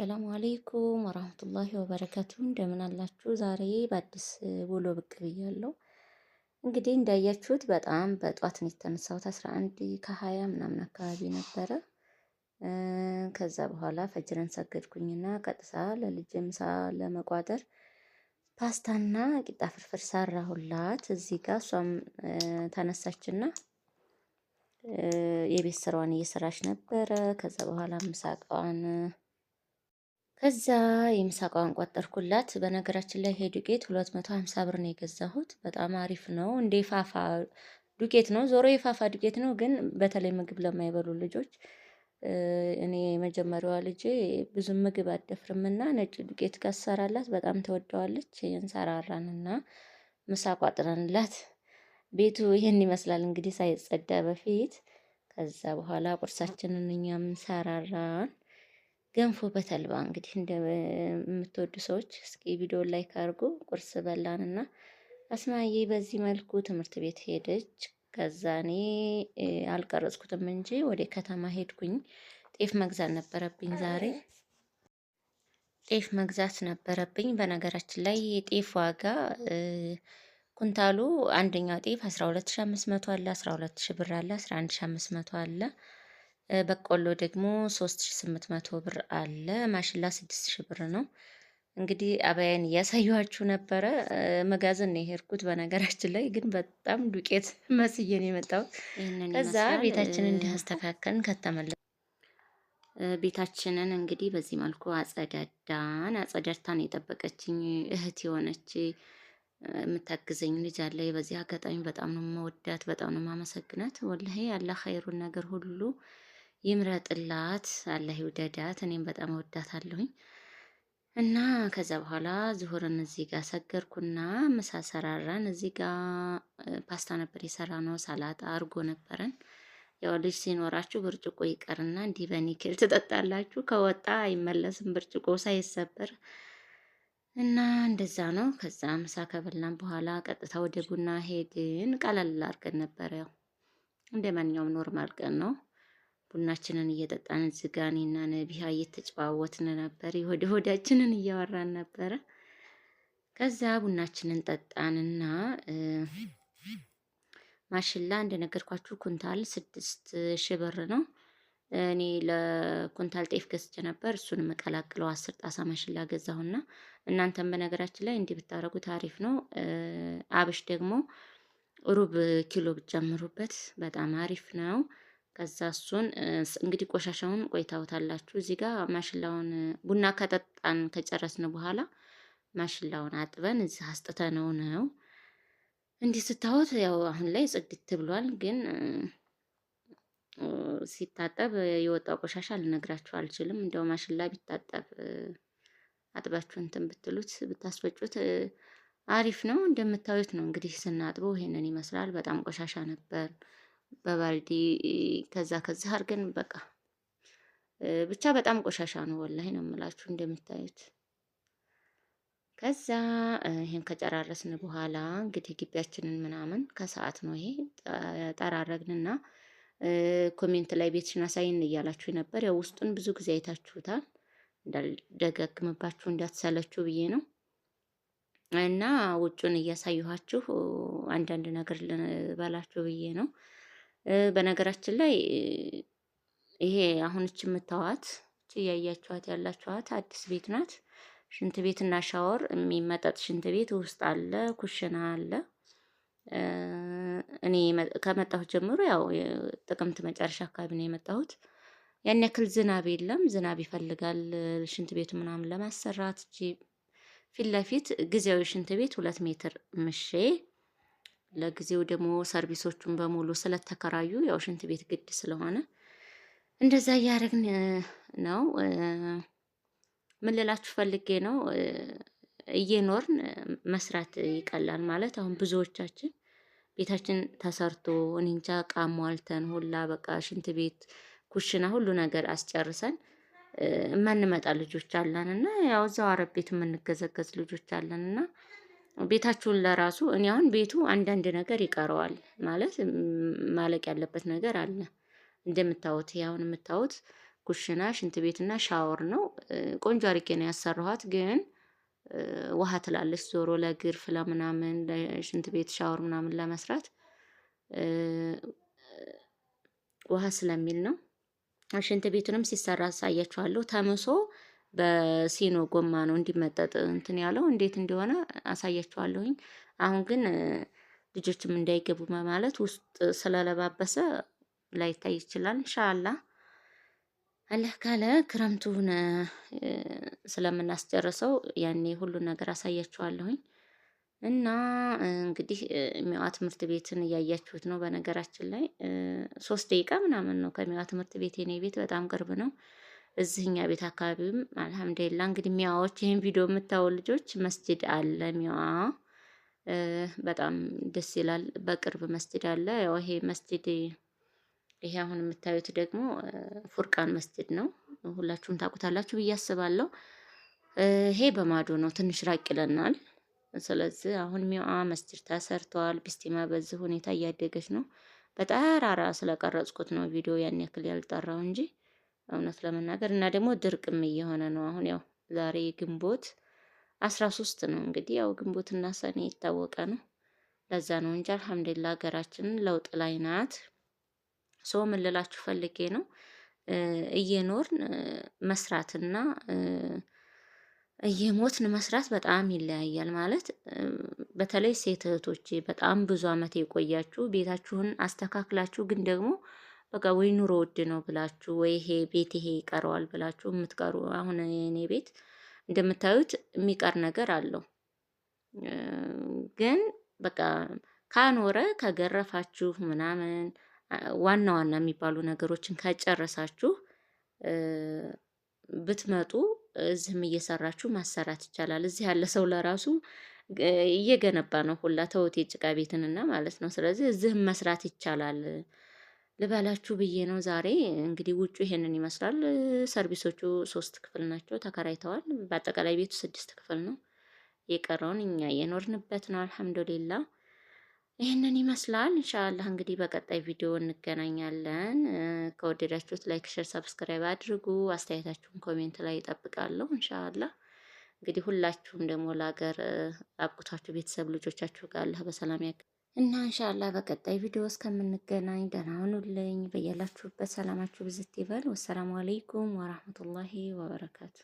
ሰላም አሌይኩም ወራህመቱላሂ ወበረከቱ። እንደምን አላችሁ? ዛሬ በአዲስ ውሎ ብቅ ብያለሁ። እንግዲህ እንዳያችሁት በጣም በጧት ነው የተነሳሁት። 11 አንድ ከሀያ ምናምን አካባቢ ነበረ። ከዛ በኋላ ፈጅረን ሰገድኩኝና ቀጥሳ ለልጅ ምሳ ለመቋጠር ፓስታና ቂጣ ፍርፍር ሰራሁላት። እዚህ ጋር እሷም ተነሳችና የቤት ስራዋን እየሰራች ነበረ። ከዛ በኋላ ምሳቃዋን ከዛ የምሳ ቋንቋ ጠርኩላት። በነገራችን ላይ ይሄ ዱቄት 250 ብር ነው የገዛሁት። በጣም አሪፍ ነው። እንደ ፋፋ ዱቄት ነው፣ ዞሮ የፋፋ ዱቄት ነው። ግን በተለይ ምግብ ለማይበሉ ልጆች እኔ የመጀመሪያዋ ልጄ ብዙ ምግብ አደፍርምና ነጭ ዱቄት ከሰራላት በጣም ተወደዋለች። እንሰራራንና ምሳ ቋጥረንላት ቤቱ ይህን ይመስላል እንግዲህ ሳይጸዳ በፊት። ከዛ በኋላ ቁርሳችንን እኛም እንሰራራን። ገንፎ በተልባ እንግዲህ እንደምትወዱ ሰዎች እስኪ ቪዲዮ ላይክ አድርጉ። ቁርስ በላን እና አስማዬ በዚህ መልኩ ትምህርት ቤት ሄደች። ከዛ እኔ አልቀረጽኩትም እንጂ ወደ ከተማ ሄድኩኝ። ጤፍ መግዛት ነበረብኝ ዛሬ ጤፍ መግዛት ነበረብኝ። በነገራችን ላይ የጤፍ ዋጋ ኩንታሉ አንደኛው ጤፍ 1205መቶ አለ፣ 12000 ብር አለ፣ 1105መቶ አለ በቆሎ ደግሞ 3800 ብር አለ። ማሽላ 6000 ብር ነው። እንግዲህ አበያን እያሳየኋችሁ ነበረ። መጋዘን ነው የሄድኩት። በነገራችን ላይ ግን በጣም ዱቄት መስየን ነው የመጣሁት። ከዛ ቤታችንን እንዲያስተካከልን ከተመለ ቤታችንን እንግዲህ በዚህ መልኩ አጸዳዳን። አጸዳድታን የጠበቀችኝ እህት የሆነች የምታግዘኝ ልጅ አለ። በዚህ አጋጣሚ በጣም ነው መወዳት፣ በጣም ነው ማመሰግናት። ወላሂ ያለ ኸይሩን ነገር ሁሉ ይምረጥላት፣ አላህ ይውደዳት። እኔም በጣም እወዳታለሁኝ እና ከዛ በኋላ ዝሁርን እዚህ ጋር ሰገርኩና ምሳ ሰራራን። እዚህ ጋር ፓስታ ነበር የሰራ ነው፣ ሰላጣ አርጎ ነበረን። ያው ልጅ ሲኖራችሁ ብርጭቆ ይቀርና እንዲህ በኒክል ትጠጣላችሁ፣ ከወጣ አይመለስም ብርጭቆ ሳይሰበር እና እንደዛ ነው። ከዛ ምሳ ከበላን በኋላ ቀጥታ ወደ ቡና ሄድን። ቀለል አድርገን ነበረ፣ ያው እንደ ማንኛውም ኖርማል ቀን ነው። ቡናችንን እየጠጣን እና ነቢሃ እየተጨዋወትን ነበር። የሆድ ሆዳችንን እያወራን ነበረ። ከዛ ቡናችንን ጠጣንና ማሽላ እንደነገርኳችሁ ኩንታል ስድስት ሺህ ብር ነው። እኔ ለኩንታል ጤፍ ገዝቼ ነበር። እሱን መቀላቅለው አስር ጣሳ ማሽላ ገዛሁና እናንተም በነገራችን ላይ እንዲህ ብታደረጉ ታሪፍ ነው። አብሽ ደግሞ ሩብ ኪሎ ብጀምሩበት በጣም አሪፍ ነው። ከዛ እሱን እንግዲህ ቆሻሻውን ቆይታውታላችሁ። እዚህ ጋር ማሽላውን ቡና ከጠጣን ከጨረስን በኋላ ማሽላውን አጥበን እዚህ አስጥተ ነው። እንዲህ ስታዩት ያው አሁን ላይ ጽድት ብሏል፣ ግን ሲታጠብ የወጣው ቆሻሻ ልነግራችሁ አልችልም። እንዲያው ማሽላ ቢታጠብ አጥባችሁ እንትን ብትሉት ብታስፈጩት አሪፍ ነው። እንደምታዩት ነው እንግዲህ ስናጥበው ይሄንን ይመስላል። በጣም ቆሻሻ ነበር። በባልዲ ከዛ ከዛ አድርገን በቃ ብቻ በጣም ቆሻሻ ነው ወላሂ ነው የምላችሁ እንደምታዩት። ከዛ ይሄን ከጨራረስን በኋላ እንግዲህ ግቢያችንን ምናምን ከሰዓት ነው ይሄ ጠራረግንና ኮሜንት ላይ ቤትሽን አሳይን እያላችሁ ነበር። ያው ውስጡን ብዙ ጊዜ አይታችሁታል። እንዳልደጋግምባችሁ እንዳትሰለችሁ ብዬ ነው እና ውጩን እያሳየኋችሁ አንዳንድ ነገር ልበላችሁ ብዬ ነው። በነገራችን ላይ ይሄ አሁን እች የምታዋት እያያችኋት ያላችኋት አዲስ ቤት ናት። ሽንት ቤት እና ሻወር የሚመጠጥ ሽንት ቤት ውስጥ አለ፣ ኩሽና አለ። እኔ ከመጣሁት ጀምሮ ያው ጥቅምት መጨረሻ አካባቢ ነው የመጣሁት። ያን ያክል ዝናብ የለም። ዝናብ ይፈልጋል ሽንት ቤት ምናምን ለማሰራት። እ ፊት ለፊት ጊዜያዊ ሽንት ቤት ሁለት ሜትር ምሼ ለጊዜው ደግሞ ሰርቪሶቹን በሙሉ ስለተከራዩ ያው ሽንት ቤት ግድ ስለሆነ እንደዛ እያደረግን ነው። ምን ልላችሁ ፈልጌ ነው፣ እየኖርን መስራት ይቀላል ማለት። አሁን ብዙዎቻችን ቤታችን ተሰርቶ እኔ እንጃ ዕቃ ሟልተን ሁላ በቃ ሽንት ቤት፣ ኩሽና፣ ሁሉ ነገር አስጨርሰን የማንመጣ ልጆች አለን እና ያው እዛው አረብ ቤት የምንገዘገዝ ልጆች አለን እና ቤታችሁን ለራሱ እኔ አሁን ቤቱ አንዳንድ ነገር ይቀረዋል ማለት ማለቅ ያለበት ነገር አለ። እንደምታዩት አሁን የምታዩት ኩሽና፣ ሽንት ቤትና ሻወር ነው። ቆንጆ አርጌ ነው ያሰራኋት፣ ግን ውሃ ትላለች ዞሮ ለግርፍ ለምናምን ለሽንት ቤት ሻወር ምናምን ለመስራት ውሃ ስለሚል ነው። ሽንት ቤቱንም ሲሰራ አሳያችኋለሁ ተምሶ በሲኖ ጎማ ነው እንዲመጠጥ እንትን ያለው እንዴት እንደሆነ አሳያችኋለሁኝ። አሁን ግን ልጆችም እንዳይገቡ በማለት ውስጥ ስለለባበሰ ላይታይ ይችላል። እንሻላ አለህ ካለ ክረምቱን ስለምናስጨርሰው ያኔ ሁሉን ነገር አሳያችኋለሁኝ። እና እንግዲህ ሚዋ ትምህርት ቤትን እያያችሁት ነው። በነገራችን ላይ ሶስት ደቂቃ ምናምን ነው ከሚዋ ትምህርት ቤት የኔ ቤት በጣም ቅርብ ነው። እዚህኛ ቤት አካባቢም አልሐምዱሊላ እንግዲህ ሚያዎች ይህን ቪዲዮ የምታዩ ልጆች መስጅድ አለ ሚዋ በጣም ደስ ይላል። በቅርብ መስጅድ አለ። ያው ይሄ መስጅድ ይሄ አሁን የምታዩት ደግሞ ፉርቃን መስጅድ ነው። ሁላችሁም ታውቁታላችሁ ብዬ አስባለሁ። ይሄ በማዶ ነው፣ ትንሽ ራቅ ይለናል። ስለዚህ አሁን ሚዋ መስጅድ ተሰርቷል። ቢስቲማ በዚህ ሁኔታ እያደገች ነው። በጠራራ ስለቀረጽኩት ነው ቪዲዮ ያን ያክል ያልጠራው እንጂ እውነት ለመናገር እና ደግሞ ድርቅም እየሆነ ነው። አሁን ያው ዛሬ ግንቦት አስራ ሶስት ነው እንግዲህ ያው ግንቦትና ሰኔ የታወቀ ነው። ለዛ ነው እንጂ አልሐምዱሊላ ሀገራችንን ለውጥ ላይ ናት። ሰው ምን ልላችሁ ፈልጌ ነው እየኖርን መስራትና እየሞትን መስራት በጣም ይለያያል። ማለት በተለይ ሴት እህቶቼ በጣም ብዙ ዓመት የቆያችሁ ቤታችሁን አስተካክላችሁ ግን ደግሞ በቃ ወይ ኑሮ ውድ ነው ብላችሁ ወይ ይሄ ቤት ይሄ ይቀረዋል ብላችሁ የምትቀሩ አሁን የኔ ቤት እንደምታዩት የሚቀር ነገር አለው። ግን በቃ ካኖረ ከገረፋችሁ ምናምን ዋና ዋና የሚባሉ ነገሮችን ከጨረሳችሁ ብትመጡ እዚህም እየሰራችሁ ማሰራት ይቻላል። እዚህ ያለ ሰው ለራሱ እየገነባ ነው ሁላ ተውት፣ የጭቃ ቤትንና ማለት ነው። ስለዚህ እዚህም መስራት ይቻላል። ልበላችሁ ብዬ ነው። ዛሬ እንግዲህ ውጩ ይሄንን ይመስላል። ሰርቪሶቹ ሶስት ክፍል ናቸው፣ ተከራይተዋል። በአጠቃላይ ቤቱ ስድስት ክፍል ነው። የቀረውን እኛ የኖርንበት ነው። አልሐምዱሊላ ይህንን ይመስላል። እንሻላህ እንግዲህ በቀጣይ ቪዲዮ እንገናኛለን። ከወደዳችሁት ላይክ፣ ሸር፣ ሰብስክራይብ አድርጉ። አስተያየታችሁን ኮሜንት ላይ ይጠብቃለሁ። እንሻላ እንግዲህ ሁላችሁም ደግሞ ለሀገር አብቁታችሁ ቤተሰብ ልጆቻችሁ ጋር አላህ በሰላም ያገ እና እንሻላ በቀጣይ ቪዲዮ እስከምንገናኝ ደህና ሁኑልኝ። በያላችሁበት ሰላማችሁ ብዝት ይበል። ወሰላሙ አለይኩም ወራህመቱላሂ ወበረካቱ።